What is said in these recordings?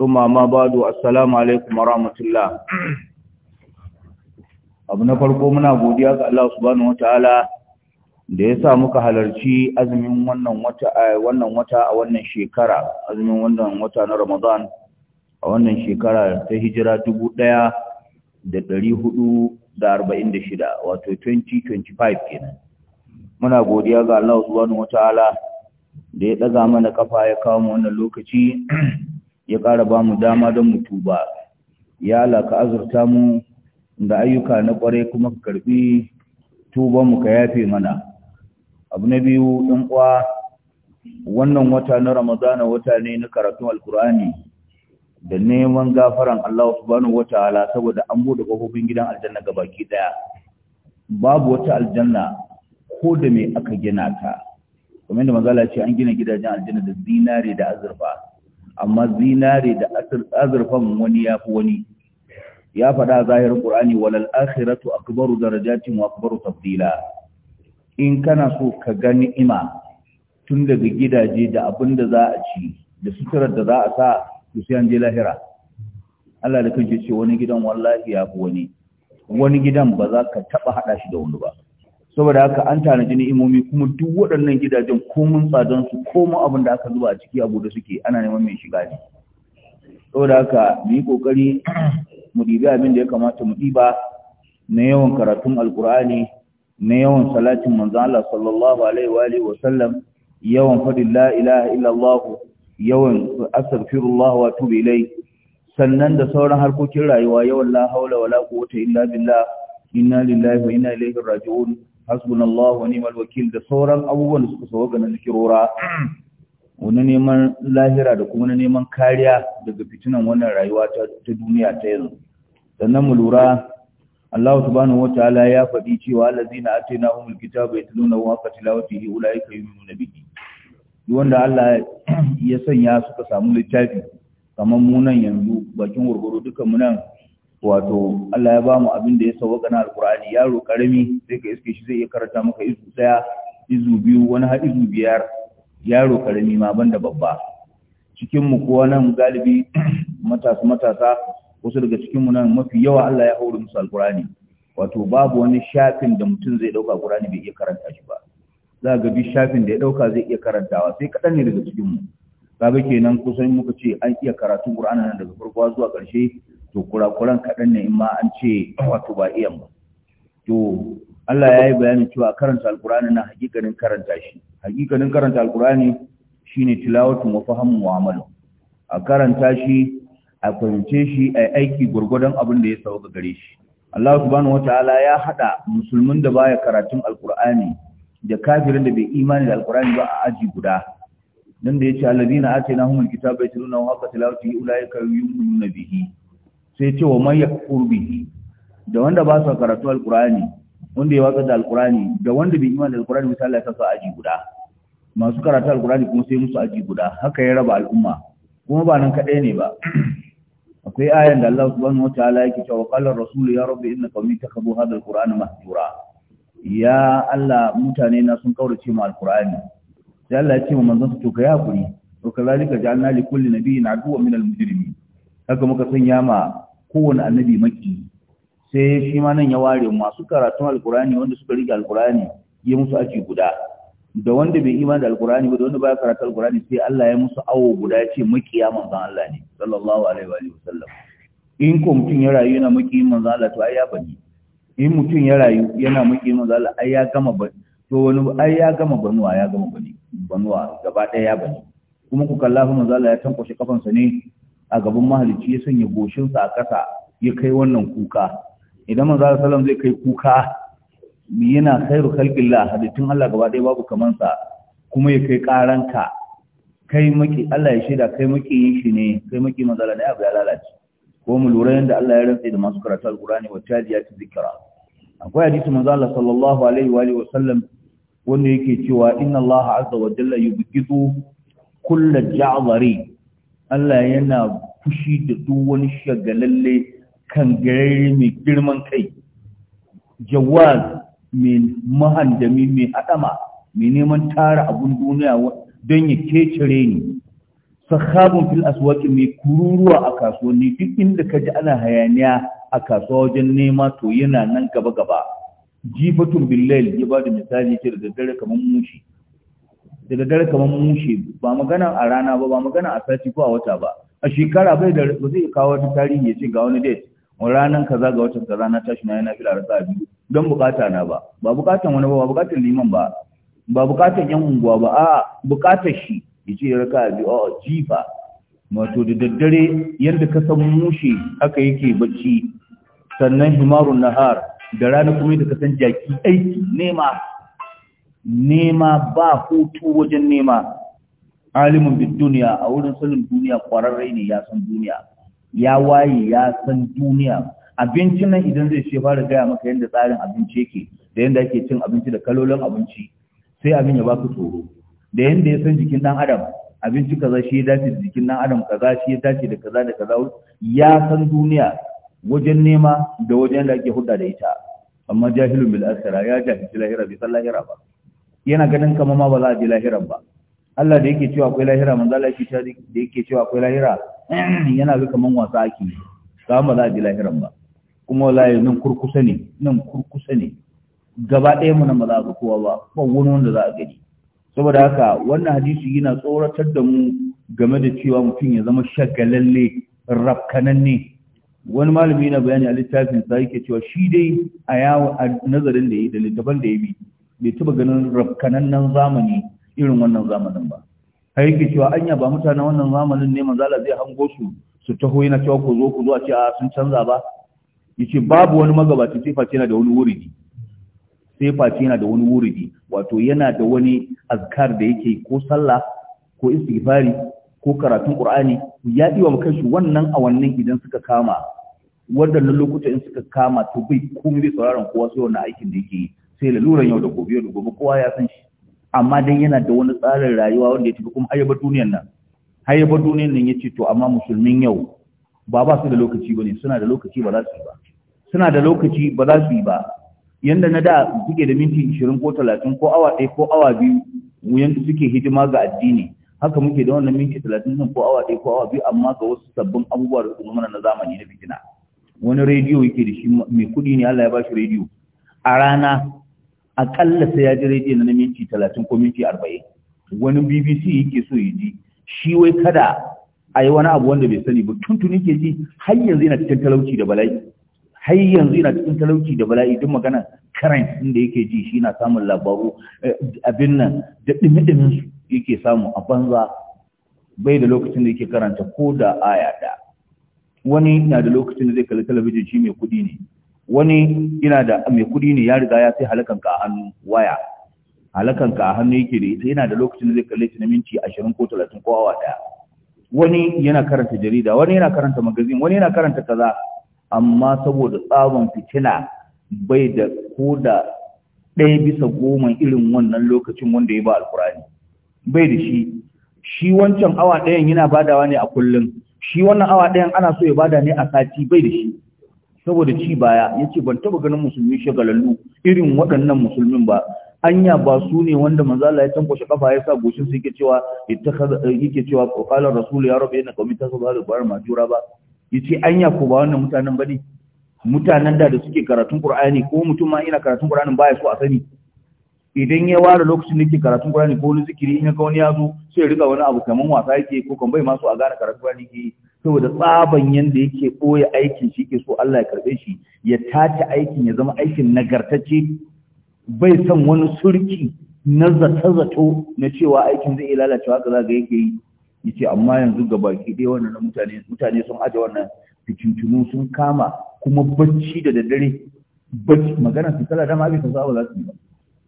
ثم ما بعد السلام عليكم ورحمه الله abu na farko muna godiya ga Allah subhanahu wataala da ya sa muka halarci azumin wannan wata a wannan wata a wannan shekara azumin wannan wata na Ramadan a wannan shekara ta hijira 1446 wato 2025 kenan muna godiya ga Allah subhanahu wataala da ya daga mana kafa ya kawo mu wannan lokaci ya ƙara ba mu dama don mu tuba ya ka azurta mu da ayyuka na ƙwarai kuma ka karɓi tuban mu ka yafe mana abu na biyu ɗan uwa wannan wata na ramadana wata ne na karatun alkur'ani da neman gafaran Allah subhanahu ala saboda an buɗe kofofin gidan aljanna ga baki daya babu wata aljanna ko da me aka gina ta kamar da manzala ce an gina gidajen aljanna da zinare da azurfa amma zinare da azurfan wani ya fi wani ya faɗa zahirin ƙur'ani walal akhiratu akbaru darajatin wa akbaru tafdila in kana so ka ga ni'ima tun daga gidaje da abin da za a ci da suturar da za a sa su sai an je lahira Allah da kanke ce wani gidan wallahi ya fi wani wani gidan ba za ka taɓa haɗa shi da wani ba saboda haka an tanaji ni'imomi kuma duk waɗannan gidajen komun tsadon su komun abin da aka zuba a ciki abu da suke ana neman mai shiga ne saboda haka mu yi kokari mu dibi abin da ya kamata mu diba na yawan karatun alkur'ani na yawan salatin manzan Allah sallallahu alaihi wa alihi wa sallam yawan fadin la ilaha illallah yawan astaghfirullah wa tubu ilai sannan da sauran harkokin rayuwa yawan la haula wala quwwata illa billah inna lillahi wa inna ilaihi raji'un hasbunallahu wa ni'mal wakil da sauran abubuwan da suka ga nan kirora wani neman lahira da kuma neman kariya daga fitinan wannan rayuwa ta duniya ta yanzu sannan mu lura Allah subhanahu wataala ya faɗi cewa allazina atainahumul kitaba yatluna wa qatilawatihi ulaika yu'minuna bihi wanda Allah ya sanya suka samu littafi kamar mu nan yanzu bakin gurguru dukan mu nan wato Allah ya bamu abin da ya sauka na alkur'ani yaro karami sai ka iske shi zai iya karanta maka izu daya izu biyu wani har izu biyar yaro karami ma banda babba cikin mu ko nan galibi matasa matasa wasu daga cikin mu nan mafi yawa Allah ya auri musu alkur'ani wato babu wani shafin da mutum zai dauka alkur'ani bai iya karanta shi ba za ga bi shafin da ya dauka zai iya karantawa sai kaɗan ne daga cikin mu kaga kenan kusan muka ce an iya karatun qur'ani nan daga farko zuwa karshe. to kurakuran kaɗan ne in ma an ce wato ba iyan ba to Allah ya yi bayanin cewa karanta alkur'ani na hakikanin karanta shi hakikanin karanta alkur'ani shine tilawatu wa fahimu wa a karanta shi a fahimce shi a aiki gurgurdan abin da ya sauka gare shi Allah subhanahu wataala ya haɗa musulmin da baya karatun alkur'ani da kafirin da bai imani da alkur'ani ba a aji guda Nan da ya yace alladina atainahumul kitaba yatluna wa haqqa tilawatihi ulaika yu'minuna bihi sai ce wa man yakfur bihi da wanda ba su karatu alqur'ani wanda ya watsa da alqur'ani da wanda bai imani da alqur'ani misali ya kasa aji guda masu karatu alqur'ani kuma sai musu aji guda haka ya raba al'umma kuma ba nan kadai ne ba akwai ayan da Allah subhanahu wataala yake cewa qala rasul ya rabbi inna qawmi takabu hadha alqur'ana mahjura ya Allah mutane na sun kaurace mu alqur'ani sai Allah ya ce mu manzon to kai hakuri to kazalika ja'alna li kulli nabiyyin aduwwan min almujrimin haka muka sanya ma kowane annabi maki sai shi ma nan ya ware masu karatun alkurani wanda suka rike alkurani ya musu aji guda da wanda bai imani da alkurani ba da wanda baya karatu alkurani sai Allah ya musu awo guda ya ce ya manzon Allah ne sallallahu alaihi wa alihi wasallam in ko mutum ya rayu yana makiyin manzon Allah to ai ya bani in mutum ya rayu yana makiyin manzon Allah ai ya gama bani to wani ai ya gama banuwa ya gama bani banuwa gaba ɗaya ya bani kuma ku kalla fa Allah ya tankwashe kafansa ne a gaban mahalicci ya sanya goshinsa a ƙasa ya kai wannan kuka idan manzo Allah sallam zai kai kuka yana khairu khalqillah hadisin Allah gaba ɗaya babu kaman sa kuma ya kai ƙaranka kai maki Allah ya shaida kai maki shi ne kai maki manzo Allah da abu ya lalace ko mu lura yanda Allah ya rantsa da masu karatu alqur'ani wa tajiyati zikra akwai hadisi manzo Allah sallallahu alaihi wa alihi wa sallam wanda yake cewa inna Allah azza wa jalla yubghidu kullu ja'dhari Allah yana fushi da duk wani shagalalle kan gararre mai girman kai jawaz mai mahandami mai haɗama mai neman tara abun duniya don ya kecire ni sahabun fil aswaki mai kururuwa a kasuwanni duk inda ka ji ana hayaniya a kasuwa wajen nema to yana nan gaba gaba jifatun billahi ya ba da misali ce da daddare kamar mushi Daga daddare kamar mushe ba magana a rana ba ba magana a sati ko a wata ba a shekara bai da ba zai kawo wani tarihi ya ce ga wani date ranan kaza ga watan kaza na tashi na yana fila rasa biyu don bukata na ba ba bukatan wani ba ba bukatan liman ba ba bukatan yan unguwa ba a bukatar shi ya ce raka biyu a jifa wato da daddare yadda ka san mushe haka yake bacci sannan himarun nahar da rana kuma da kasan san jaki aiki nema nema ba hutu wajen nema alimin bid duniya a wurin sanin duniya kwararre ne ya san duniya ya waye ya san duniya abincin nan idan zai ce fara gaya maka yadda tsarin abinci yake da yadda ake cin abinci da kalolin abinci sai abin ya baka tsoro da yadda ya san jikin dan adam abinci kaza shi ya dace da jikin dan adam kaza shi ya dace da kaza da kaza ya san duniya wajen nema da wajen da ake hudda da ita amma jahilun bil akhirah ya jahilci lahira bi san lahira ba yana ganin kama ma ba za a je lahiran ba Allah da yake cewa akwai lahira manzo Allah yake cewa da yake cewa akwai lahira yana ga kaman wasa ake ba ba za a je lahiran ba kuma wallahi nan kurkusa ne nan kurkusa ne gaba ɗaya mu nan ba za ga kowa ba ba wani wanda za a gani saboda haka wannan hadisi yana tsoratar da mu game da cewa mutum ya zama shagalalle rafkananne wani malami yana bayani a littafin sa yake cewa shi dai a yawo a nazarin da ya yi da littafin da ya bi bai taba ganin rafkanannen zamani irin wannan zamanin ba har cewa anya ba mutanen wannan zamanin ne manzala zai hango su su taho yana cewa ku zo ku zo a ce a sun canza ba yace babu wani magabaci sai face yana da wani wuridi sai face yana da wani wuridi wato yana da wani azkar da yake ko sallah ko istighfari ko karatun qur'ani ya diwa kai shi wannan awannin idan suka kama wadannan lokuta in suka kama to bai komai bai sauraron kowa sai wannan aikin da yake sai laluran yau da gobe da gobe kowa ya san shi amma dan yana da wani tsarin rayuwa wanda ya tafi kuma hayyabar duniyar nan hayyabar duniyar nan yace to amma musulmin yau ba ba su da lokaci bane suna da lokaci ba za su yi ba suna da lokaci ba za su yi ba yanda na da suke da minti 20 ko 30 ko awa ɗaya ko awa biyu yanda suke hidima ga addini haka muke da wannan minti 30 nan ko awa ɗaya ko awa biyu amma ga wasu sabbin abubuwa da kuma na zamani na fitina wani rediyo yake da shi mai kuɗi ne Allah ya bashi rediyo a rana Akalla sai ya ji rediyo na minti talatin ko minti arba'in wani bbc yake so ya ji shi wai kada a yi wani abu wanda bai sani ba tuntuni ke ji har yanzu yana cikin talauci da bala'i har yanzu yana cikin talauci da bala'i duk magana karen inda yake ji shi na samun labaru eh, abin nan da ɗimi yake samu a banza bai da lokacin da yake karanta ko da aya da wani na da lokacin da zai kalli talabijin shi mai kuɗi ne wani ina da mai kudi ne ya riga ya sai halakanka a hannu waya halakanka a hannu yake da ita yana da lokacin da zai kalle shi na minti ashirin ko talatin ko awa daya wani yana karanta jarida wani yana karanta magazin wani yana karanta kaza amma saboda tsabon fitina bai da ko da ɗaya bisa goma irin wannan lokacin wanda ya ba alkurani bai da shi shi wancan awa ɗayan yana badawa ne a kullum shi wannan awa ɗayan ana so ya bada ne a sati bai da shi saboda ci baya ya ce ban taba ganin musulmi shagalallu irin waɗannan musulmin ba anya ba su ne wanda manzala ya tankwashe kafa ya sa goshin su yake cewa yake cewa kokalar rasulu ya rabu yana kawai tasu ba da bayar majura ba ya ce anya ko ba wannan mutanen ba ne mutanen da da suke karatun qur'ani ko mutum ma ina karatun qur'anin baya so a sani idan ya ware lokacin da yake karatun qur'ani ko wani zikiri in ga wani ya zo sai ya riga wani abu kaman wasa yake ko kan bai ma so a gane karatun qur'ani yake saboda tsaban yanda yake ɓoye aikin shi ke so Allah ya karɓe shi ya tace aikin ya zama aikin nagartacce bai son wani surki na zato-zato na cewa aikin zai iya lalacewa haka za ga yake yi ya ce amma yanzu ga baki ɗaya wannan mutane mutane sun aje wannan fitintunu sun kama kuma bacci da daddare bacci magana su kala dama abin kasawa za su yi ba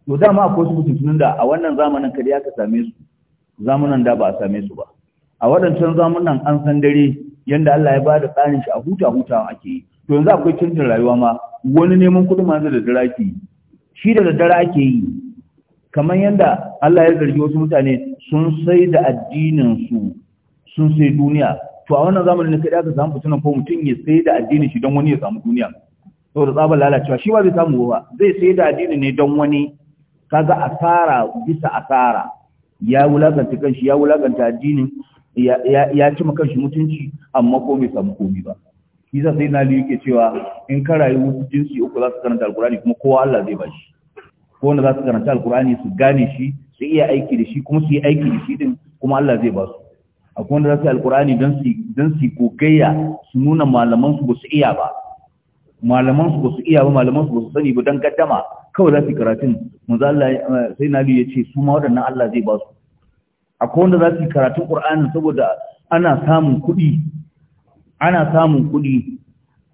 to dama akwai su fitintunun da a wannan zamanin kadi aka same su zamanin da ba a same su ba a waɗancan zamanin an san dare yadda Allah ya ba da tsarin shi a huta huta ake yi to yanzu akwai canjin rayuwa ma wani neman kuɗi ma da dare ake yi shi da dare ake yi kamar yadda Allah ya zargi wasu mutane sun sai da addinin su sun sai duniya to a wannan zamanin ne kai aka samu fitinan ko mutum ya sai da addinin shi don wani ya samu duniya saboda tsabar lalacewa shi ba zai samu ba zai sai da addinin ne don wani kaga asara bisa asara ya wulakanta kanshi ya wulakanta addinin ya ci makar shi mutunci amma ko bai samu komi ba Isa sai na liyu ke cewa in ka rayu jinsi uku za su karanta alkurani kuma kowa Allah zai ba shi ko wanda za su karanta alkurani su gane shi su iya aiki da shi kuma su yi aiki da shi din kuma Allah zai ba su akwai wanda za su yi alkurani don su gogayya su nuna malaman su ba su iya ba malaman su ba su iya ba malaman su ba su sani ba don gaddama kawai za su yi karatun manzo Allah eh, sai na liyu ya ce su ma waɗannan Allah zai ba su akwai wanda za su yi karatun ƙur'anin saboda ana samun kuɗi ana samun kuɗi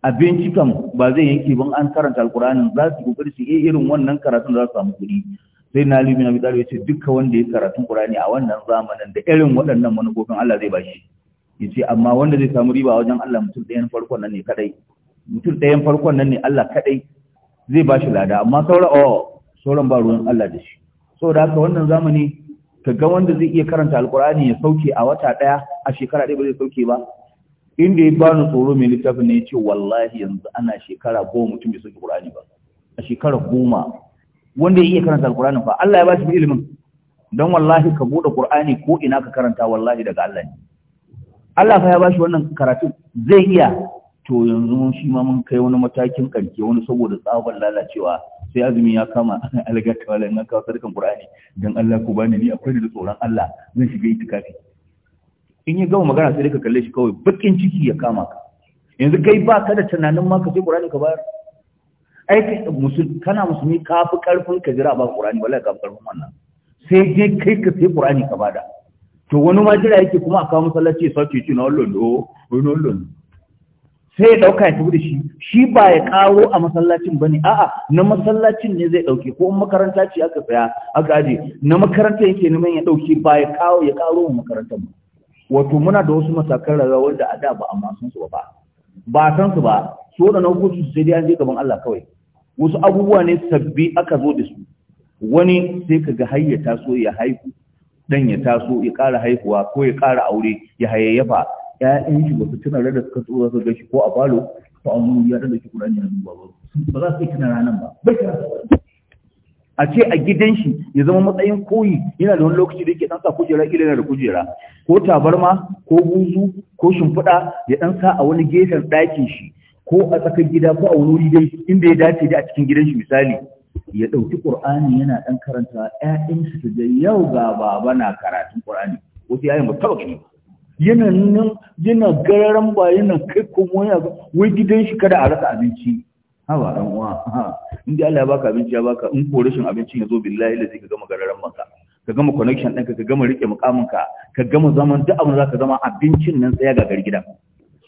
abinci kam ba zai yanke ban an karanta alƙur'anin za su kokari su iya irin wannan karatun za su samu kuɗi sai na limin abi talib yace dukkan wanda ya karatun ƙur'ani a wannan zamanin da irin waɗannan manufofin Allah zai bashi Ya ce amma wanda zai samu riba wajen Allah mutum ɗayan farkon nan ne kadai mutum ɗayan farkon nan ne Allah kadai zai bashi lada amma sauran oh sauran ba ruwan Allah da shi saboda haka wannan zamani ka ga wanda zai iya karanta alkur'ani ya sauke a wata daya a shekara ɗaya ba zai sauke ba inda ya bani tsoro mai littafin ne ya ce wallahi yanzu ana shekara goma mutum bai sauke qur'ani ba a shekara goma wanda ya iya karanta alkur'ani fa Allah ya ba shi ilimin don wallahi ka bude ƙur'ani ko ina ka karanta wallahi daga Allah ne Allah fa ya ba shi wannan karatu zai iya to yanzu shi ma mun kai wani matakin karke wani saboda tsabar lalacewa sai azumi ya kama ana alaga ta wala nan kawo sadakan qur'ani dan Allah ku bani ni akwai da tsoron Allah zan shiga itikafi in yi gama magana sai ka kalle shi kawai bakin ciki ya kama ka yanzu kai ba ka da tunanin ma ka je qur'ani ka bayar ai kana musulmi ka fi karfin ka jira ba qur'ani wallahi ka fi karfin wannan sai je kai ka sai qur'ani ka bada to wani ma jira yake kuma a kawo masallaci ya sauke ci na wani sai ya ɗauka ya tafi da shi shi ba ya karo a masallacin ba ne a'a na masallacin ne zai ɗauke ko makaranta ce aka tsaya aka aje na makaranta yake neman ya dauke ba ya karo ya wa makaranta ba wato muna da wasu matakan da wanda a da ba amma san su ba ba san su ba So da na hukunci sai dai an je gaban Allah kawai wasu abubuwa ne sabbi aka zo da su wani sai ka ga har ya taso ya haihu dan ya taso ya kara haihuwa ko ya kara aure ya hayayyafa ƴaƴan shi ba su tuna da suka tsoro su gashi ko a falo ko a wani ya da shi ya duba ba ba za su tuna ranan ba bai a ce a gidan shi ya zama matsayin koyi yana da wani lokaci da yake dan sa kujera kila yana da kujera ko tabarma ko buzu ko shimfiɗa ya dan sa a wani gefen ɗakin shi ko a tsakar gida ko a wani wuri dai inda ya dace da a cikin gidan shi misali ya ɗauki ƙur'ani yana ɗan karanta shi su da yau ga baba na karatun ƙur'ani wasu yayin ba taɓa ba yana nan yana gararan ba yana kai komo ba wai gidan shi kada a rasa abinci ha ba ran uwa in dai Allah ya baka abinci ya baka in ko rashin abincin ya zo billahi la zai ka gama gararan maka ka gama connection ɗinka ka gama rike mukamin ka ka gama zaman duk abin za zama abincin nan tsaya ga gari gida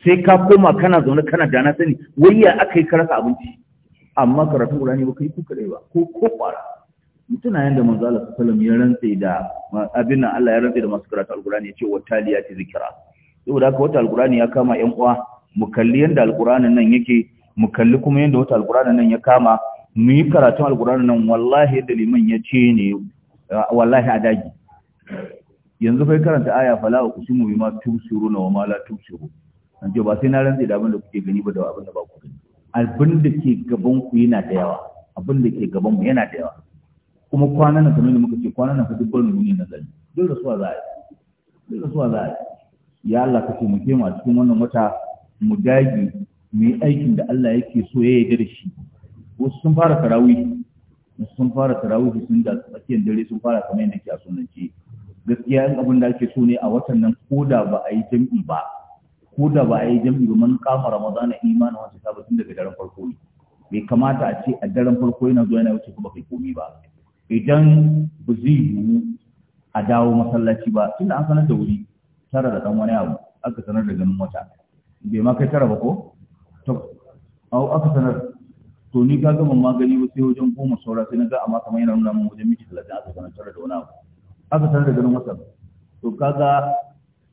sai ka koma kana zaune kana dana sani wai ya aka yi ka rasa abinci amma karatun Qur'ani ba kai kuka dai ba ko ko kwara mutuna yanda manzo Allah sallallahu ya rantse da abin nan Allah ya rantse da masu karatu alqur'ani ya ce wa taliyati zikra saboda haka wata alqur'ani ya kama yan uwa mu kalli yanda alqur'anin nan yake mu kalli kuma yanda wata alqur'anin nan ya kama mu yi karatun alqur'anin nan wallahi da liman ya ce ne wallahi a daji. yanzu kai karanta aya fala uqsimu bima tumsiruna wa ma la tumsiru an ce ba sai na rantse da abin da kuke gani ba da abin da ba ku gani abin da ke gaban ku yana da yawa abin da ke gaban mu yana da yawa kuma kwanan nan kamar da muka ce kwanan nan fa duk nan na zai duk suwa za a yi duk suwa za a yi ya Allah ka taimake mu a cikin wannan wata mu dage mu yi aikin da Allah yake so ya yi da shi wasu sun fara tarawih sun fara tarawih sun da tsakiyar dare sun fara kamar yadda ke a sunance gaskiya in abin da ake so ne a watan nan ko da ba a yi jam'i ba ko da ba a yi jam'i ba man kama ramadana imanin wata sabatun daga daren farko ne bai kamata a ce a daren farko yana zuwa yana wuce kuma kai komi ba idan ba zai yiwu a dawo masallaci ba tunda an sanar da wuri tara da ɗan wani abu aka sanar da ganin wata bai ma kai tara ba ko to au aka sanar to ni ka gama magani ba sai wajen goma saura sai na ga amma kamar yana nuna mun wajen miki talatin aka sanar tara da wani abu aka sanar da ganin wata to kaga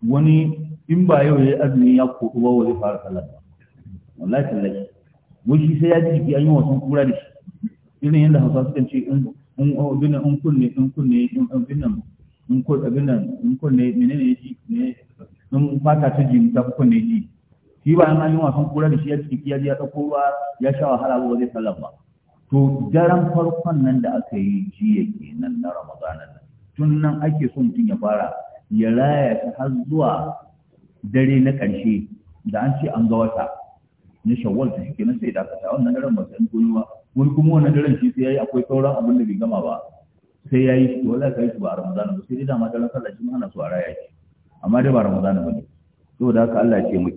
wani in ba yau ya azumi ya koɗu ba zai fara sallah wallahi tallahi Wai shi sai ya ji jiki an yi wasan kura da shi irin yadda hausa sukan ce in in oh, abin in kunne in kunne in abin in kunne abin in kunne menene ya ji ne in fata ta ji ta kunne ji shi ba an yi wasan kura da shi ya ciki ya ji ya dauko ba ya sha wahala ba zai sallar ba to daren farkon nan da aka yi ji yake nan na ramadanan nan tun nan ake so mutum ya fara ya raya ta har zuwa dare na ƙarshe da an ce an ga wata na shawwal ta shike nan sai dakata wannan daren ba san koyi ba wani kuma wannan daren shi sai yayi akwai sauran abin da bai gama ba sai yayi to wallahi kai shi ba ramadan ba sai dai dama daren sallah shi ana su a raya shi amma dai ba ramadan ba ne saboda haka Allah ya ce mu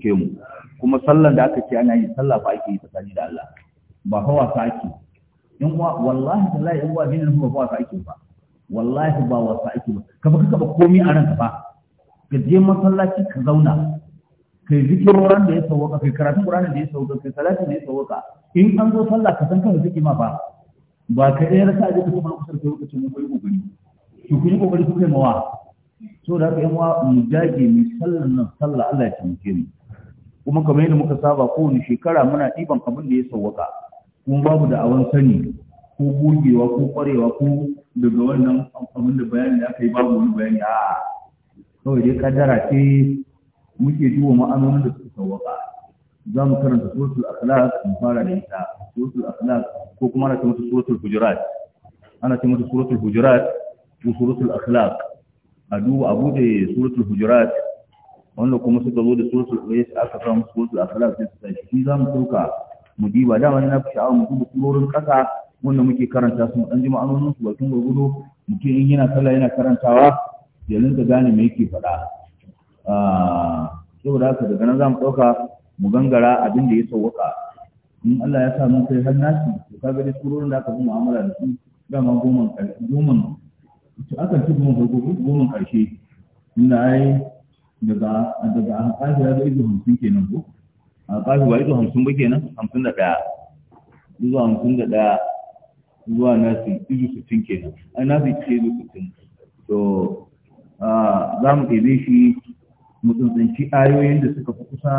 kuma sallan da aka ce ana yi sallah fa ake yi tsakani da Allah ba fa wasa ake in wa wallahi tallahi in wa dinin ba wasa ake ba wallahi ba wasa ake ba kafa ka ba komai a ranka ba ka je masallaci ka zauna kai zikiroran da ya sauwaka kai karatun qur'ani da ya sauwaka kai salatin da ya sauwaka in an zo sallah ka san kan zikki ma ba ba ka dai rasa ji ka kuma kusur kai lokacin mu kai kokari to kun yi kokari kuka mawa so da haka mawa mu dage mu sallar nan sallah Allah ya taimake mu kuma kamar yadda muka saba ko ni shekara muna ɗiban abin da ya sauwaka kun babu da awan sani ko gogewa ko ƙwarewa ko daga wannan abin da bayani da aka yi babu wani bayani a kawai dai kadara ce muke duba ma'anonin da suka sauwaka za mu karanta suratul akhlaq mu fara da ita suratul akhlaq ko kuma ana ce mata suratul hujurat ana ce mata suratul hujurat ko suratul akhlaq a duba a bude suratul hujurat wanda kuma suka zo da suratul qiyas aka samu suratul akhlaq sai ta shi za mu sauka mu diba dama na fi sha'awa mu duba surorin kasa wanda muke karanta su dan jima anonin su bakin gurgudu mutum in yana sallah yana karantawa ya ka gane me yake faɗa ah, saboda haka daga nan za mu ɗauka mu gangara abin da ya sauwaka in Allah ya sa mun kai har nashi to ka ga dukkan surorin da aka fi mu'amala da su dama goma goma to aka ci goma farko goma ƙarshe inda ai daga daga alƙafi ya zo hamsin kenan ko alƙafi ba ido hamsin ba kenan hamsin da ɗaya izu hamsin da ɗaya zuwa nasi izu sittin kenan ai nasi ido izu sittin to ah, za mu ɗebe shi mu ayoyin da suka fi kusa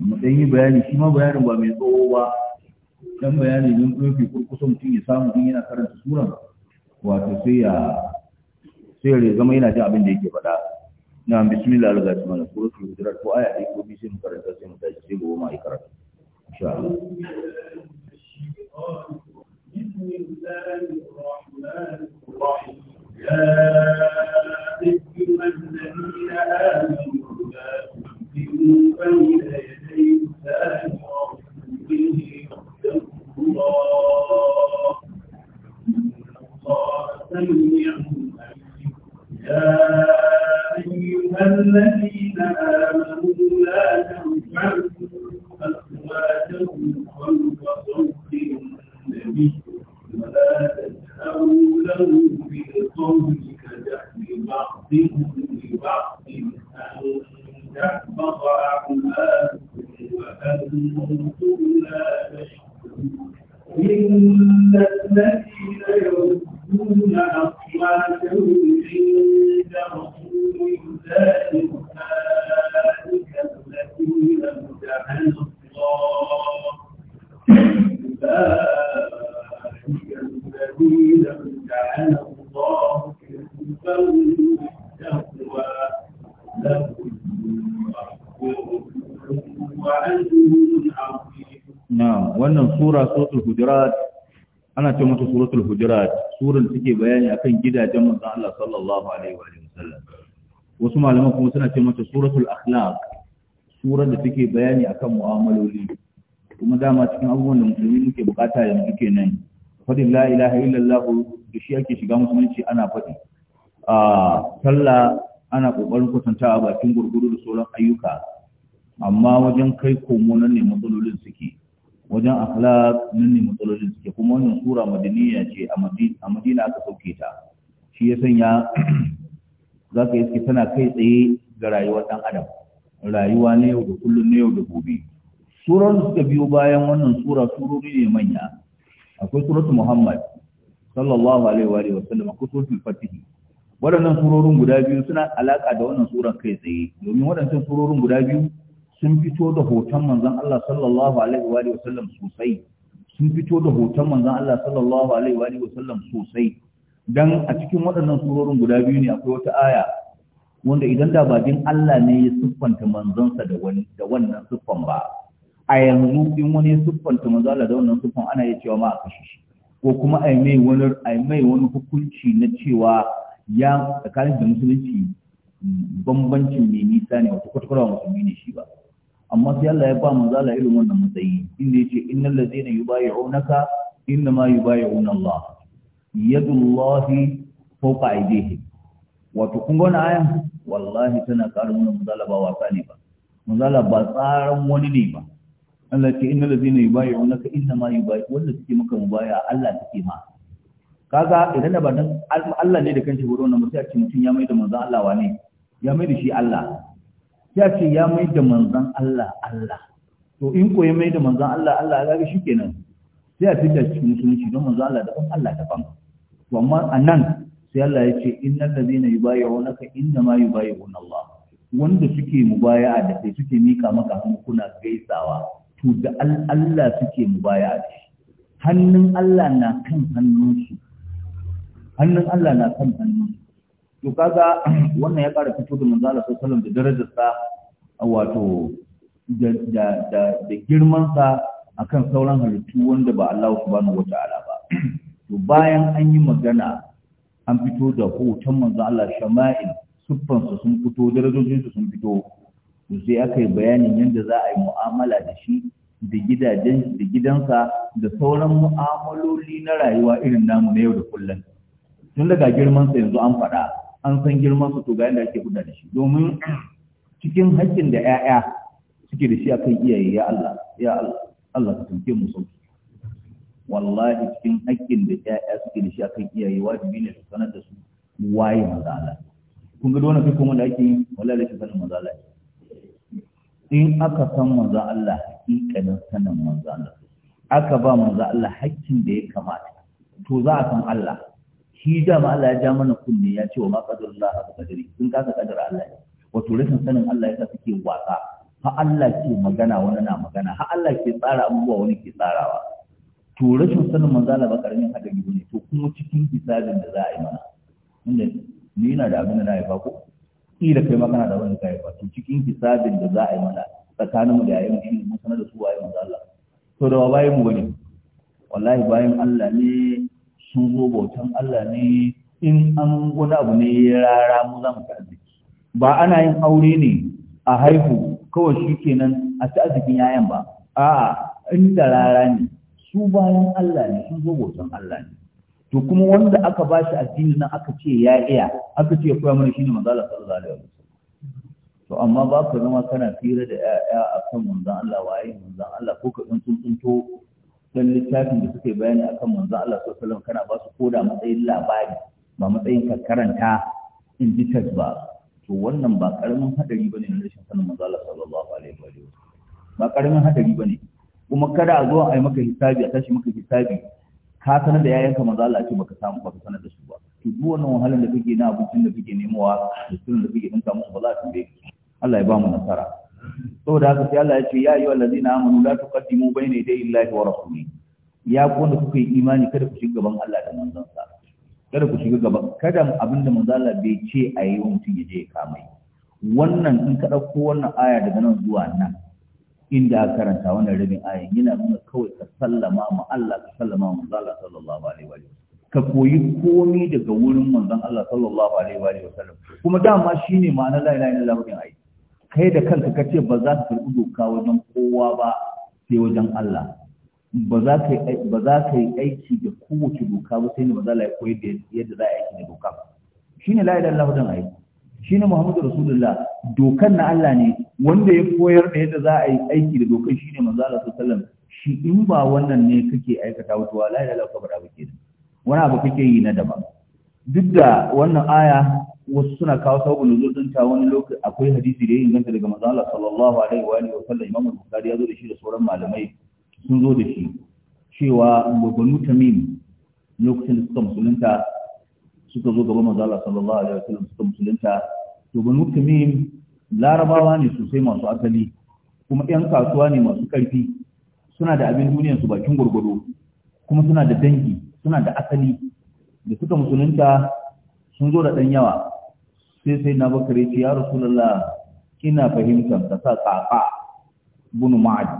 mu dan yi bayani shi ma bayanin ba mai tsawo ba dan bayani mun ɗauke kurkusa mutum ya samu in yana karanta suran wato sai ya sai ya zama yana jin abin da yake faɗa na bismillah al-ghafir mana suratul hujurat ko aya ɗaya ko biyu sai mu karanta sai mu tashi sai gobe ai karatu insha Allah بسم الله الرحمن الرحيم أيها الذين آمنوا لا تبدلوا بين يدي الذين آمنوا Na'am, wannan sura suratul Hujurat ana ce mata suratul Hujurat, surar take bayani akan gidajen manzon Allah sallallahu alaihi wa sallam. Wasu malaman kuma suna ce mata suratul Akhlaq, surar da take bayani akan mu'amaloli. Kuma dama cikin abubuwan da musulmi muke bukata yanzu kenan. Fadin la ilaha illallah da shi ake shiga musulunci ana faɗi. A sallah ana ƙoƙarin kwatanta a bakin gurguru da sauran ayyuka amma wajen kai komo nan ne matsalolin suke wajen akhlaq nan ne matsalolin suke kuma wannan sura madaniya ce a madina aka sauke ta shi ya sanya za ka iske tana kai tsaye ga rayuwar ɗan adam rayuwa na yau da kullum na yau da gobe surar da suka biyo bayan wannan sura surori ne manya akwai suratu muhammad sallallahu alaihi wa sallam akwai suratul fatihi waɗannan surorin guda biyu suna alaƙa da wannan surar kai tsaye domin waɗancan surorin guda biyu sun fito da hoton manzon Allah sallallahu alaihi wa sallam sosai sun fito da hoton manzon Allah sallallahu alaihi wa sallam sosai dan a cikin waɗannan surorin guda biyu ne akwai wata aya wanda idan da bakin Allah ne ya siffanta manzansa da wani da wannan siffan ba a yanzu in wani ya siffanta manzo Allah da wannan siffan ana iya cewa ma a kashe shi ko kuma ai mai wani ai mai wani hukunci na cewa ya tsakanin da musulunci bambancin mai nisa ne wata kwatakwara musulmi ne shi ba amma sai Allah ya ba manzo Allah irin wannan matsayi inda yace innal ladzina yubayyi'unaka innama yubayyi'una Allah yadullahi fawqa aydihim wato kun ga wannan ayan wallahi tana karin mana muzala ba wasa ne ba Muzala ba tsaron wani ne ba Allah ce innal ladzina yubayyi'unaka innama yubayyi'u wanda suke maka mubaya Allah suke ma kaga idan da ba dan Allah ne da kanshi wurin nan sai a ce mutum ya mai da manzon Allah wane ya mai da shi Allah sai a ce ya mai da manzon Allah Allah to in ko ya mai da manzon Allah Allah kaga shikenan sai a fita cikin musulunci don manzon Allah daban Allah daban to amma anan sai Allah ya ce innal ladina yubayyi'unaka innama yubayyuna Allah wanda suke mubaya'a da sai suke mika maka hannu kuna gaisawa to da Allah suke mubaya da shi hannun Allah na kan hannunsu hannun Allah na kan hannun to kaga wannan ya ƙara fito da manzo Allah sallallahu da darajarsa wato da da da girman sa akan sauran halittu wanda ba Allah subhanahu wataala ba to bayan an yi magana an fito da hoton manzo Allah shama'il siffansa sun fito su sun fito to sai aka yi bayanin yadda za a yi mu'amala da shi da gidajen da gidansa da sauran mu'amaloli na rayuwa irin namu na yau da kullum tun daga girmansa yanzu an faɗa an san girmansa to ga yadda ake huda da shi domin cikin haƙƙin da 'ya'ya suke da shi akan iyaye ya Allah ya Allah Allah ka tunke mu sauki wallahi cikin haƙƙin da 'ya'ya suke da shi akan iyaye wajibi ne su sanar da su waye maza Allah kun ga dole kai kuma da ake yi wallahi da sanin maza Allah in aka san maza Allah hakikanin sanin maza Allah aka ba maza Allah haƙƙin da ya kamata to za a san Allah shi dama Allah ya ja mana kunne ya ce wa ma qadarullah haka qadari sun kasa kadar Allah ne wato rashin sanin Allah ya suke wasa fa Allah ke magana wani na magana ha Allah ke tsara abubuwa wani ke tsarawa to rashin sanin manzo Allah ba karamin hadari bane to kuma cikin hisabin da za a yi mana inda ni na da abin da na yi ba ko da kai ma kana da wani kai ba to cikin hisabin da za a yi mana tsakanin mu da yayin shi mun sanar da su waye manzo Allah to da bayan mu bane wallahi bayan Allah ne sun zo bautan Allah ne in an wani abu ne ya rara mu za mu ta ba ana yin aure ne a haihu kawai shi kenan a ta arzikin yayan ba a'a inda rara ne su bayan Allah ne sun zo bautan Allah ne to kuma wanda aka ba shi addini nan aka ce ya iya aka ce ya koya mana shine manzo Allah sallallahu alaihi wasallam to amma ba ka zama kana fira da ƴaƴa akan manzon Allah waye manzon Allah ko ka tsuntsunto don littafin da suka yi bayani akan manzo Allah sallallahu alaihi wasallam kana ba su koda matsayin labari ba matsayin ka karanta in details ba to wannan ba karamin hadari bane na rashin sanin manzo Allah sallallahu alaihi wa sallam ba karamin hadari bane kuma kada a zo a yi maka hisabi a tashi maka hisabi ka sanar da yayan ka manzo Allah ce baka samu baka sanar da su ba to duk wannan wahalar da kake na abincin da kake nemowa da sunan da kake dinka musu ba za su tambaye Allah ya ba mu nasara da haka sai Allah ya ce ya ayyuhal ladina amanu la tuqaddimu bayna yaday illahi wa rasulihi ya ku wanda kuka yi imani kada ku shiga gaban Allah da manzon sa kada ku shiga gaban kada abinda manzon Allah bai ce a yi wa mutum ya je ya wannan in ka dauko wannan aya daga nan zuwa nan inda aka karanta wannan rabin ayan yana nuna kawai ka sallama ma Allah ka sallama ma manzon Allah sallallahu alaihi wa sallam ka koyi komi daga wurin manzon Allah sallallahu alaihi wa sallam kuma dama shine ma'anar la ilaha illallah mutum ayi kai da kanka ka ce ba za ka karɓi doka wajen kowa ba sai wajen Allah ba za ka yi aiki da kowace doka ba sai ne ba za la koyi da yadda za a aiki da doka shine la ilaha illallah dan aiki shine muhammadu rasulullah dokan na Allah ne wanda ya koyar da yadda za a yi aiki da dokan shine manzo Allah sallallahu alaihi wasallam shi in ba wannan ne kake aikata wato la ilaha illallah ka bara ba kenan wani abu kake yi na daban duk da wannan aya wasu suna kawo sabon nuzul din ta wani lokaci akwai hadisi da ya inganta daga manzo sallallahu alaihi wa alihi wa sallam Imam Bukhari ya zo da shi da sauran malamai sun zo da shi cewa babanu tamim lokacin da suka musulunta suka zo gaba manzo sallallahu alaihi wa sallam suka musulunta to banu tamim larabawa ne sosai masu asali kuma yan kasuwa ne masu karfi suna da abin duniyar su bakin gurgudu kuma suna da dangi suna da asali da suka musulunta sun zo da dan yawa sai sai na bakare ya ce ya rasulullah ina fahimtar ka sa kafa bunu ma'adi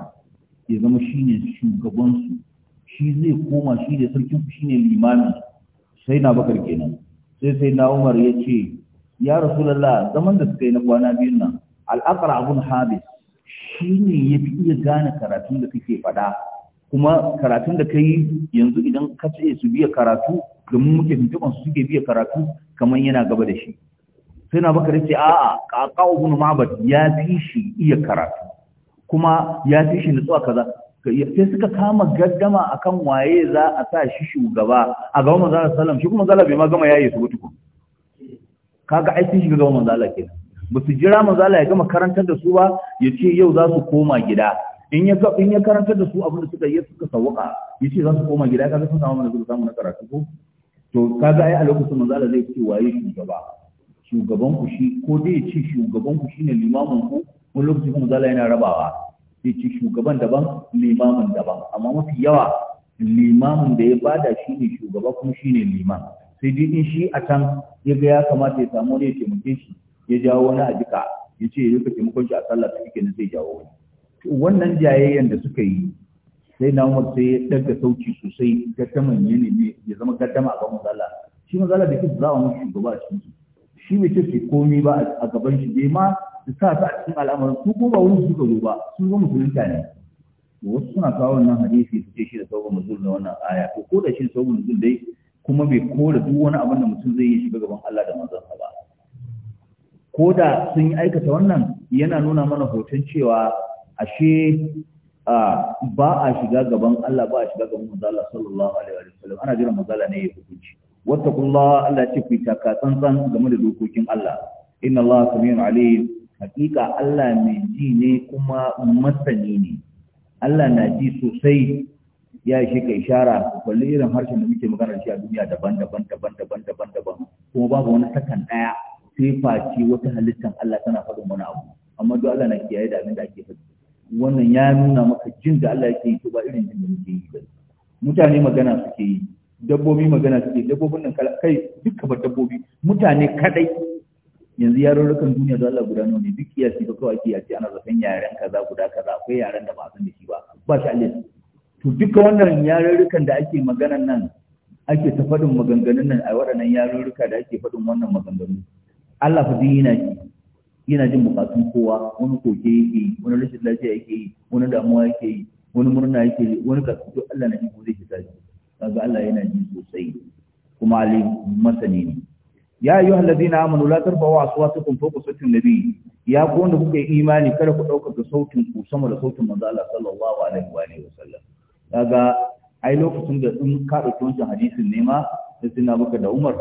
ya zama shi ne shugabansu shi zai koma shi da sarkin ku ne Limami. sai na bakar kenan sai sai na umar ya ce ya rasulullah zaman da suka yi na kwana biyun nan al'akar abun habis ne ya fi iya gane karatun da kake faɗa kuma karatun da kai yanzu idan ka ce su biya karatu domin muke suke biya karatu kamar yana gaba da shi sai na bakar ce a'a ƙaƙa'u bin ma'abad ya fi shi iya karatu kuma ya fi shi nutsuwa kaza sai suka kama gaddama akan waye za a sa shi shugaba a gaban manzala sallam shi kuma manzala bai ma gama yayi su mutu kaga ai sun shiga gaban manzala kenan ba su jira manzala ya gama karantar da su ba ya ce yau za su koma gida in ya in ya karantar da su abin da suka yi suka sawaka ya ce za su koma gida kaga sun samu mana zuba samun na karatu ko to kaga ai a lokacin manzala zai ce waye shugaba shugaban ku shi ko dai ci shugaban ku shine limamin ku wani lokaci kuma zala yana rabawa zai ci shugaban daban limamin daban amma mafi yawa limamin da ya bada shine shugaba kuma shine liman sai dai in shi a can ya ga ya kamata ya samu wani ya taimake shi ya jawo wani a jika ya ce ya rika taimakon shi a sallah ta shike zai jawo wani wannan jayayyan da suka yi sai na umar sai ya daga sauki sosai gaddaman ya ne ya zama gaddama a gaban zala shi mazala da kisa za a shugaba a cikin shi bai ce komi ba a gaban shi bai ma su sa su a cikin al'amarin su ko ba wurin suka zo ba su zo musulunta ne wasu suna kawo wannan hadisi su ce shi da sauran nuzul da wannan aya to ko da shi sauran nuzul dai kuma bai kora duk wani abin da mutum zai yi shiga gaban Allah da manzon sa ba ko da sun yi aikata wannan yana nuna mana hoton cewa ashe ba a shiga gaban Allah ba a shiga gaban manzon Allah sallallahu alaihi wa sallam ana jira manzon ne ya hukunci wattaqullaha Allah ce ku taka tsantsan game da dokokin Allah inna Allah samiyun alim hakika Allah mai ji ne kuma masani ne Allah na ji sosai ya shi ka ishara kullu irin harshen da muke magana shi a duniya daban-daban daban-daban daban-daban kuma babu wani sakan daya sai face wata halittar Allah tana faɗin wani abu amma duk Allah na kiyaye da abin da ake faɗi wannan ya nuna maka jin da Allah yake yi to ba irin jin da muke yi ba mutane magana suke yi dabbobi magana suke dabbobin nan kai duka ba dabbobi mutane kadai yanzu yarurrukan duniya da Allah guda ne duk ya da kawai yace ana zakan yaren kaza guda kaza akwai yaren da ba san da shi ba ba shi Allah to duka wannan yarurrukan da ake maganan nan ake ta faɗin maganganun nan a waɗannan yarurruka da ake faɗin wannan maganganu Allah fa yana na yana jin bukatun kowa wani koke yake yi wani rashin lafiya yake yi wani damuwa yake yi wani murna yake yi wani kasu Allah na ko zai fita shi kaga Allah yana ji sosai kuma Ali masani ne ya ayyuha alladhina amanu la tarfa'u aswatakum fawqa sawti nabi ya ku wanda kuka yi imani kada ku dauka sautin ku sama da sautin manzo Allah sallallahu alaihi wa alihi wasallam kaga ai lokacin da in ka dauki wancan hadisin ne ma sai na baka da Umar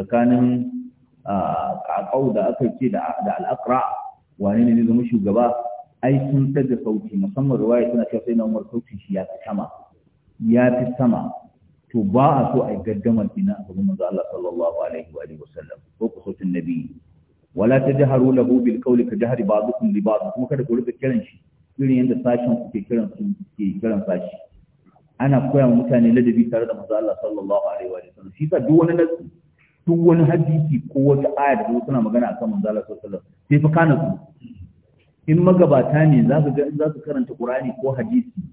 tsakanin kakau da aka ce da al-aqra wani ne zama shugaba ai sun daga sauti musamman ruwaya tana cewa sai na Umar sautin shi ya fi sama ya fi sama to ba a so a yi gaddamar ina a gaban manzo Allah sallallahu alaihi wa alihi wasallam ko ku sautin nabi wala ta tajharu lahu bil qawli ka jahri ba'dukum li ba'd kuma kada ku rika kiran shi irin yadda sashen ku ke kiran su ke kiran sashi ana koya wa mutane ladabi tare da manzo Allah sallallahu alaihi wa sallam shi sa duk wani nasu duk wani hadisi ko wata aya da suna magana akan manzo Allah sallallahu alaihi wa sai fa kana su in magabata ne za ka ga in za su karanta Qur'ani ko hadisi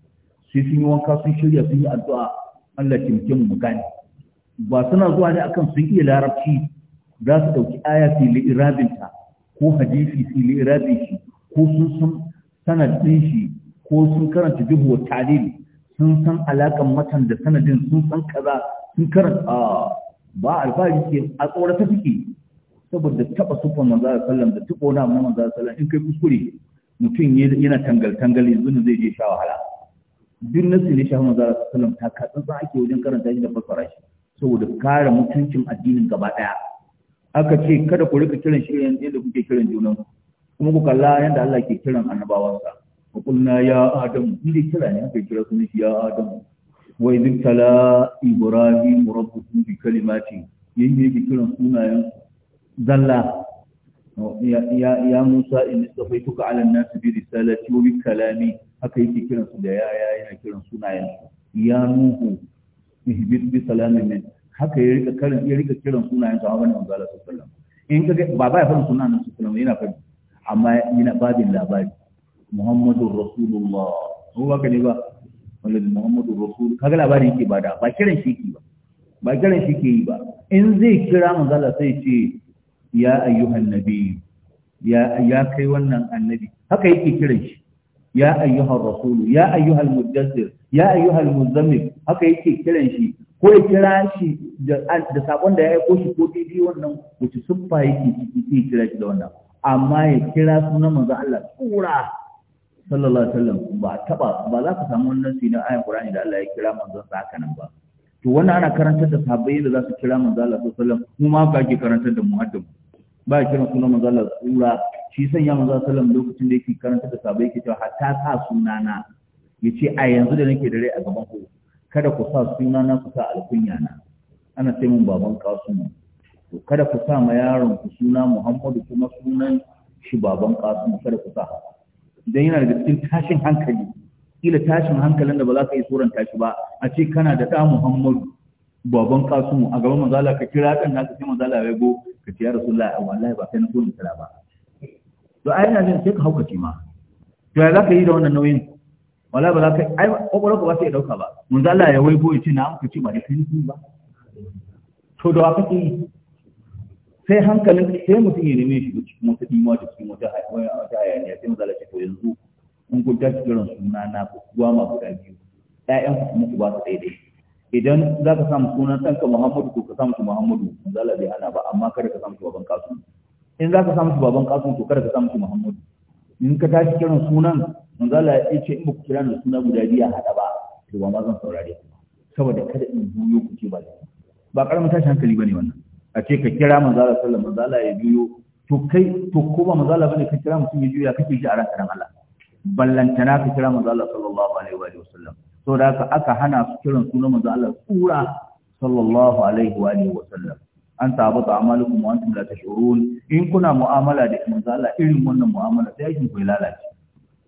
sai sun yi wanka sun shirya sun yi addu'a Allah kimkin mu gane ba suna zuwa ne akan sun iya larabci za su dauki aya fi li'irabin ta ko hadisi fi li'irabin shi ko sun san sanad din shi ko sun karanta juhu talil sun san alakan matan da sanadin sun san kaza sun karanta ba alfahari ke a tsorata take saboda taba sufan manzo sallallahu alaihi wasallam da tuko na manzo sallallahu alaihi in kai kuskure mutum yana tangal tangal yanzu ne zai je sha wahala duk nasu ne shafi manzo Allah salam ta ka tsantsan ake wajen karanta shi da fassara shi saboda kare mutuncin addinin gaba daya aka ce kada ku rika kiran shi yadda kuke kiran junan kuma ku kalla yadda Allah ke kiran annabawansa wa kunna ya adam inda kira ne aka kira sunan shi ya adam wa idh tala ibrahim rabbuhu bi kalimati yayin da yake kiran sunayen zalla ya ya musa in istafaituka ala an-nas bi risalati wa bi kalami haka yake kiran su da ya ya yana kiran sunayen ya nuhu bi bi salamin min haka ya rika karin ya rika kiran sunayen sa wannan manzo Allah sallallahu alaihi wasallam in kage baba ya fara sunan nan sallallahu yana fara amma yana babin labari muhammadur rasulullah ko ba ka ne ba wallahi muhammadur rasul kaga labarin yake ba da ba kiran shi yake ba ba kiran shi ke yi ba in zai kira manzala sai ce ya ayyuhan nabi ya kai wannan annabi haka yake kiran shi ya ayyuhar rasulu ya ayyuhal muddassir ya ayyuhal muzammil haka yake kiran shi ko ya kira shi da sakon da ya aiko shi ko bibi wannan wace suffa yake ciki sai kira shi da wannan amma ya kira sunan manzon Allah tsura sallallahu alaihi wasallam ba taba ba za ka samu wannan sunan na ayan Qur'ani da Allah ya kira manzon sa haka nan ba to wannan ana karantar da sahabbai da za su kira manzon Allah sallallahu alaihi wasallam mu ma ka ke karantar da mu hadda ba kiran sunan manzo Allah tsura shi sanya manzo sallam lokacin da yake karanta da sabai yake cewa hatta sa sunana yace a yanzu da nake da rai a gaban ku kada ku sa sunana ku sa alkunya na ana sai mun baban kasum to kada ku sa ma yaron ku suna Muhammadu kuma sunan shi baban kasum kada ku sa dan yana da cikin tashin hankali kila tashin hankalin da ba za ka yi suran tashi ba a ce kana da da Muhammadu baban kasumu a gaban manzala ka kira kan naka sai manzala ya go ka ce ya rasulullahi wallahi ba kai na so kira ba to ai ina jin sai ka hauka ce ma to ya zaka yi da wannan nauyin wallahi ba za ka ai kokoron ka ba sai ya dauka ba manzala ya waibo ya ce na amka ce ba da kai ni ba to da wa kake sai hankalin sai mutum ya neme shi cikin wata ima da cikin wata ya sai mu ce to yanzu in kun tashi kiran suna na ku kuwa ma guda biyu ƴaƴan ku kuma ku ba su daidai idan za ka samu sunan ɗanka Muhammadu to ka samu su Muhammadu manzo Allah bai hana ba amma kada ka samu su baban kasu in za ka samu su baban kasu to kada ka samu su Muhammadu in ka tashi kiran sunan manzo ya ce in ba ku kira da suna guda biyu a hada ba to ba ma zan saurare ku saboda kada in juyo ku ce ba ba karamin tashi hankali bane wannan a ce ka kira manzo Allah sallallahu alaihi wasallam manzo Allah ya juyo to kai to ko ba manzo Allah bane ka kira mutum ya juya kake ji a ran dan Allah ballantana ka kira manzo Allah sallallahu alaihi wasallam Sau da haka aka hana su kiran sunan manzo Allah tsura sallallahu alaihi wa alihi wa sallam an tabata amalukum wa antum la tashurun in kuna mu'amala da manzo Allah irin wannan mu'amala sai kin koyi lalace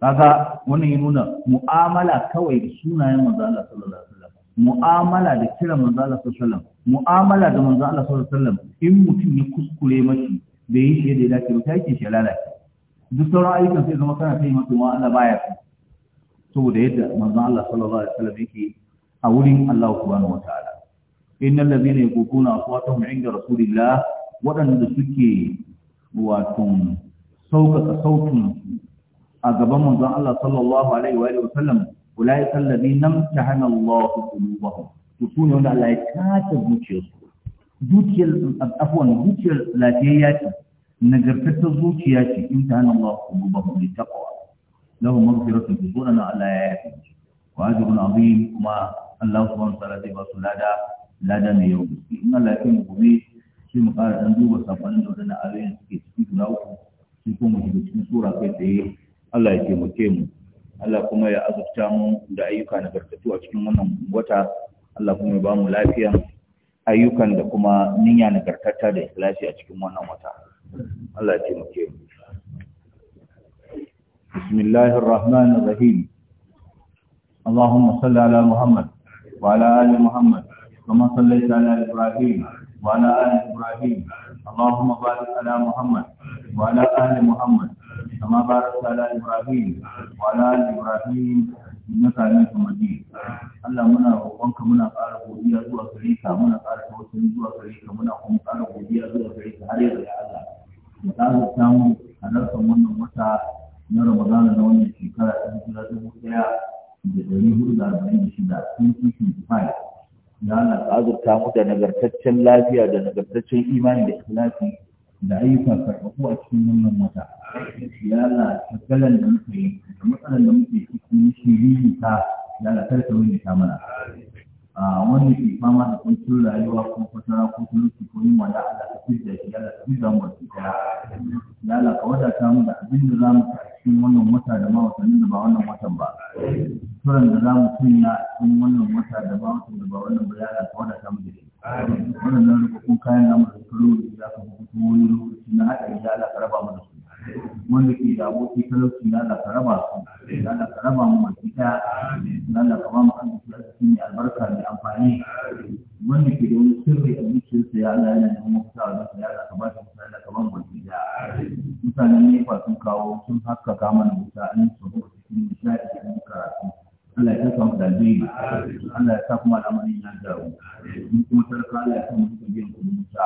kaga wannan ya nuna mu'amala kawai da sunayen manzo Allah sallallahu alaihi wa sallam mu'amala da kiran manzo Allah sallallahu alaihi wa sallam mu'amala da manzo Allah sallallahu alaihi wa sallam in mutum ya kuskure mashi bai yi shi da ya dace ba sai kin shi lalace duk sauran ayyukan sai zama kana kai masa mu'amala baya kai saboda yadda manzon Allah sallallahu alaihi wasallam yake a wurin Allah subhanahu wataala innal ladhina yaquluna aswatuhum 'inda rasulillah waɗanda suke wato sauƙaƙa sautin a gaban manzon Allah sallallahu alaihi wa sallam ulai kallabi nam tahana Allah qulubahum to sune wanda Allah ya tace zuciyarsu zuciyar afwan zuciyar lafiyayya ce nagartattar zuciya ce in tahana Allah qulubahum li taqwa lahu maghfiratun sunan Allah ya yafi wa ajrun azim kuma Allah subhanahu wa ta'ala zai ba su lada lada mai yau in Allah ya kai mu gobe sai mu fara dan duba sabanin da wannan ayoyin suke ciki guda uku sai kuma mu shiga cikin sura kai tsaye Allah ya taimake mu Allah kuma ya azurta mu da ayyuka na barkatu a cikin wannan wata Allah kuma ya ba mu lafiya ayyukan da kuma niyya nagartatta da ikhlasi a cikin wannan wata Allah ya taimake mu بسم الله الرحمن الرحيم اللهم صل على محمد وعلى آل محمد كما صليت على إبراهيم وعلى آل إبراهيم اللهم بارك على محمد وعلى آل محمد كما باركت على إبراهيم وعلى آل إبراهيم innaka alimul majid Allah muna roƙonka muna ƙara godiya zuwa gare ka muna ƙara tawassuli zuwa gare muna kuma ƙara godiya zuwa gare ka har yau da ka mu wata na ramadana na wannan shekara ta hijira dubu ɗaya da ɗari hudu da arba'in da shida twenty twenty five ya Allah ka azurta mu da nagartaccen lafiya da nagartaccen imani da ikhlasi da ayyukan karɓaɓu a cikin wannan wata ya Allah shagalan da muka yi da matsalan da muke cikin shiri ta ya Allah kar ka wani ta mana a wanda ke fama da kuncin rayuwa ko fatara ko tuluki ko yin wanda Allah ka fidda shi ya Allah fi fidda mu da ya Allah ka ta mu da abin da za mu sharrin da za mu kunya a wannan wata da ba wata da ba wannan ba ya ta wada ta mu wannan nan rubutun kayan namu da karo da za ka rubutu wani lokaci na haɗari ya Allah ka raba mu da su wanda ke da aboki talauci ya Allah ka raba su ya Allah ka raba mu baki ɗaya ya Allah ka ba mu arziki arziki mai albarka mai amfani wanda ke da wani sirri a zuciyarsa ya Allah yana neman mafita a zuciya ya ka ba shi mutane ka ba mu baki ɗaya mutanen nefa sun kawo sun haskaka mana wuta an yi su Allah ya saka mu da Allah ya sa kuma al'amarin na dawo mun kuma tarka Allah ya sa mu duka biyan kuɗin sa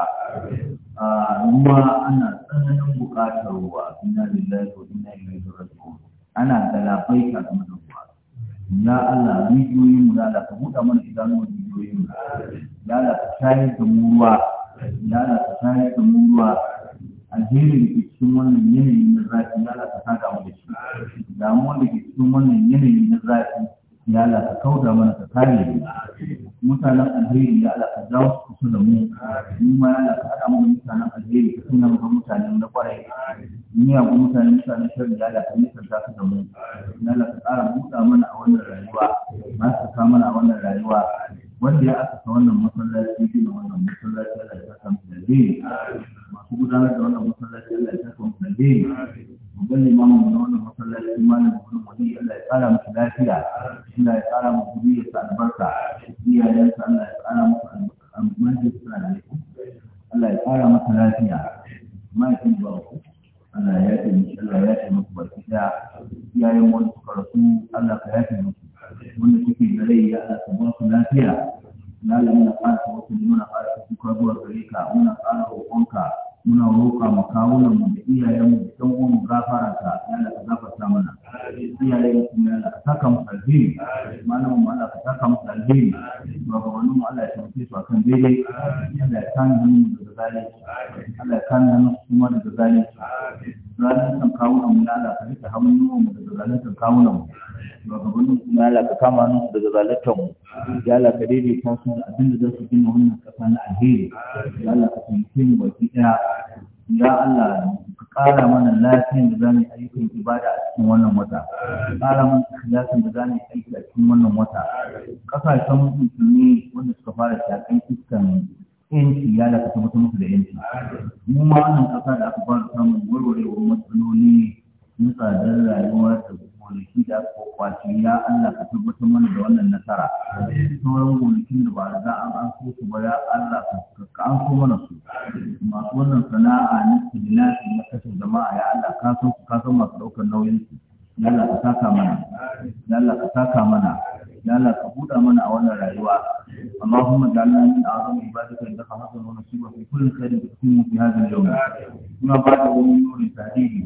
ruwa ah, ana tsananin buƙatar ruwa inna lillahi wa inna ilaihi raji'un ana galabaita zama da ruwa ya Allah rijiyoyin mu Allah ka buɗa mana idanuwan rijiyoyin mu ya Allah ka shayar da mu ruwa ya Allah ka shayar da mu ruwa alherin da cikin wannan yanayin na zafi ya Allah ka saka mu da shi damuwa da ke cikin wannan yanayin na zafi ya Allah ka kauda mana ka kare mu mutanen alheri ya Allah ka dawo su kusa da mu mu ma ya Allah ka haɗa mu mutanen alheri ka sanya mu mutanen na kwarai ni ya ku mutanen mutanen sharri ya Allah ka nisanta su da mu ya Allah ka ƙara buɗa mana a wannan rayuwa ba su ka mana a wannan rayuwa wanda ya aka wannan masallaci gina wannan masallaci Allah ya saka mu da dai masu gudanar da wannan masallaci Allah ya saka mu da dai mu ga limamin wannan masallaci malamin wannan wani Allah ya ƙara musu lafiya Allah ya tsara mu zuriyarsa albarka iyayensa Allah ya tsara masa albarka Allah ya tsara lafiya mahaifin ba Allah ya ce Allah ya daya iyayen wani kame mu daga zalunci Allah ya kame mu kuma daga zalunci zalunci kawo mu Allah ka rike hannun mu daga zalunci kawo mu shugabannin kuma Allah kama mu daga zalunci mu ya Allah ka daidaita su da abin da za su gina wannan kasa na alheri ya Allah ka taimake mu baki daya ya Allah ka ƙara mana lafiyan da zamu aikin ibada a cikin wannan wata ƙara mana ikhlasin da zamu aiki a cikin wannan wata kasashen musulmi wanda suka fara shakan iskan yanci ya da kasa mutum da yanki mu ma wannan kasa da aka fara samun warwarewar matsaloli na tsadar rayuwa da gonaki da aka kwaci ya Allah ka tabbatar mana da wannan nasara sauran gonakin da ba za a an so su ba ya Allah ka an so mana su masu wannan sana'a na tijilati na kashin jama'a ya Allah ka san ka san masu ɗaukar nauyin su ya ka saka mana ya ka saka mana يلا كبودا من أولا رأيوا اللهم اجعلنا من أعظم عبادك عندك حسن ونصيبا في كل خير تقسمه في هذا اليوم بما بعده من نور تهديه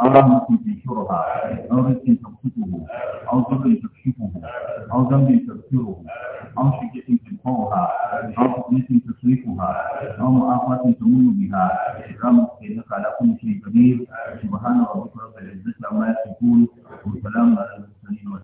أو رحمة تنشرها أو رزق تبسطه أو ذر تكشفه أو ذنب تغفره أو شجاع تلقاها أو فتنة تصرفها أو مؤاخاة تمن بها إكرامك إنك على كل شيء قدير سبحان ربك رب العزة عما يصفون وسلام على المرسلين